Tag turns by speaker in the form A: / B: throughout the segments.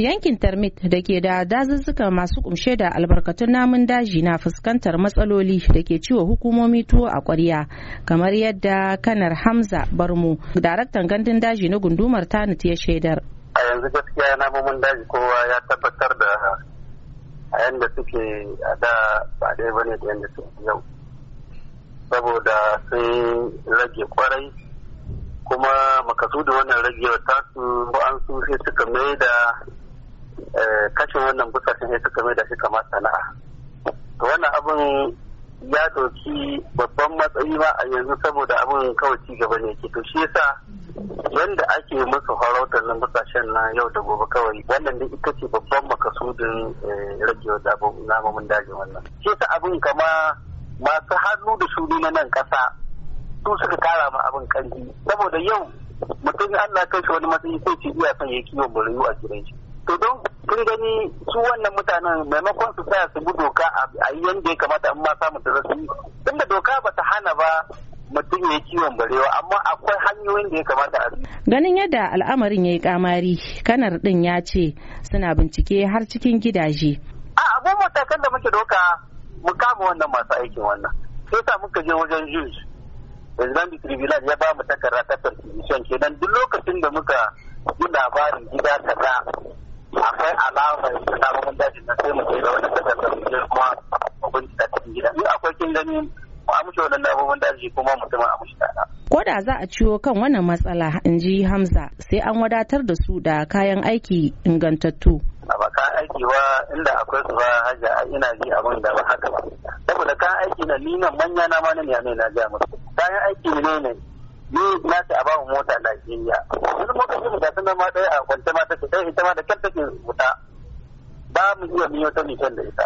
A: yankin termit da ke da dazuzzuka masu kumshe da albarkatun namun daji na fuskantar matsaloli da ke ciwo hukumomi tuwo a kwarya kamar yadda kanar hamza barmu daraktan gandun daji na gundumar tanit ya shaidar
B: a yanzu gaskiya namomin daji kowa ya tabbatar da a yanda suke a da ba dai bane da yanda suke yau saboda sun rage kwarai kuma makasudu wannan ragewar tasu an su sai suka mai da kashe wannan bukatun ya suka mai da shi kamar sana'a to wannan abin ya doki babban matsayi ma a yanzu saboda abin kawai ci gaba ne ke to shi yasa yanda ake musu farautar nan kasashen na yau da gobe kawai wannan da ita ce babban makasudin eh, rage namomin dajin wannan shi yasa abin kama masu hannu da shuni na nan kasa su suka kara ma abin kanji saboda yau mutum Allah kai shi wani matsayi sai ce iya son ya kiwon buriyu a gidan shi to don kun gani su wannan mutanen maimakon su saya su bi doka a yi yanda ya kamata in ma samun da zasu tunda doka ba ta hana ba mutum ya kiwon barewa amma akwai hanyoyin da ya kamata a
A: ganin yadda al'amarin ya yi kamari kanar din ya ce suna bincike har cikin gidaje
B: a abin matakan da muke doka mu kama wannan masu aikin wannan sai sa muka je wajen juge islamic tribunal ya ba mu takarda ta perquisition kenan duk lokacin da muka yi labarin gida kaza akwai alamar namun daji na sai mu je da wani kasar da mu je kuma mu bincika cikin gida in akwai kin gani a mushi wannan namun daji kuma mutum a mushi tana.
A: Ko da za a ciwo kan wannan matsala in ji Hamza sai an wadatar da su da kayan aiki ingantattu.
B: A ba kayan aiki ba inda akwai su ba haja ina ji abin da ba haka ba. Saboda kayan aiki na ni nan manya na ma nan ya na ja musu. Kayan aiki ne ne ni na ce a ba mota na Najeriya wani mota ce mu gasa ma ɗaya a kwance ma take ɗaya ita ma da kyar take wuta ba mu iya miyo ta nishan da ita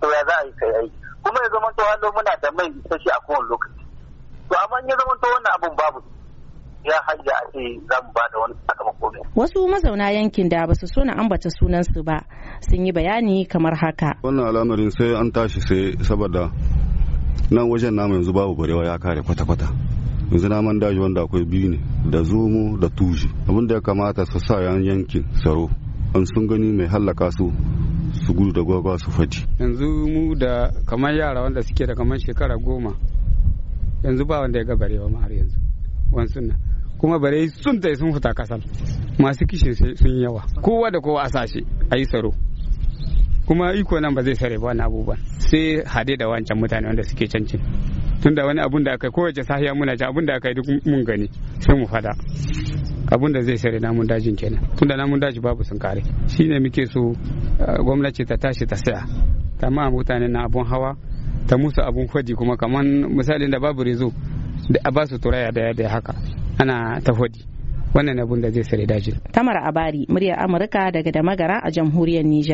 B: to ya za a yi kai aiki kuma ya zama to hallo muna da mai sashi a kowane lokaci to amma in ya zama to wannan abun babu ya hajja a ce za mu ba da wani
A: sakamako ne. Wasu mazauna yankin da ba su so na ambata sunansu ba sun yi bayani kamar haka. Wannan
B: al'amarin sai an tashi sai saboda nan wajen namu yanzu babu barewa ya kare kwata-kwata. yanzu man daji wanda akwai biyu ne da zomo da tuji abinda ya kamata su sa yan yankin tsaro an sun gani mai hallaka su su gudu da gwagwa su faɗi.
C: yanzu mu da kamar yara wanda suke da kamar shekara goma yanzu ba wanda ya ga barewa ma har yanzu wansu nan kuma bare sun tai sun fita kasar masu kishin sun yawa kowa da kowa a sashe a yi tsaro kuma iko nan ba zai sare ba wani abubuwan sai hade da wancan mutane wanda suke cancin tunda wani abun da aka kowace sahiya muna ji abun da aka yi duk mun gani sai mu fada abun da zai sare namun dajin kenan tunda namun daji babu sun kare shine muke so gwamnati ta tashi ta saya ta ma mutanen na abun hawa ta musu abun fadi kuma kaman misalin da babu rezo da a basu turaya da da haka ana ta fadi wannan abun da zai sare dajin
A: tamara abari murya amurka daga damagara a jamhuriyar niger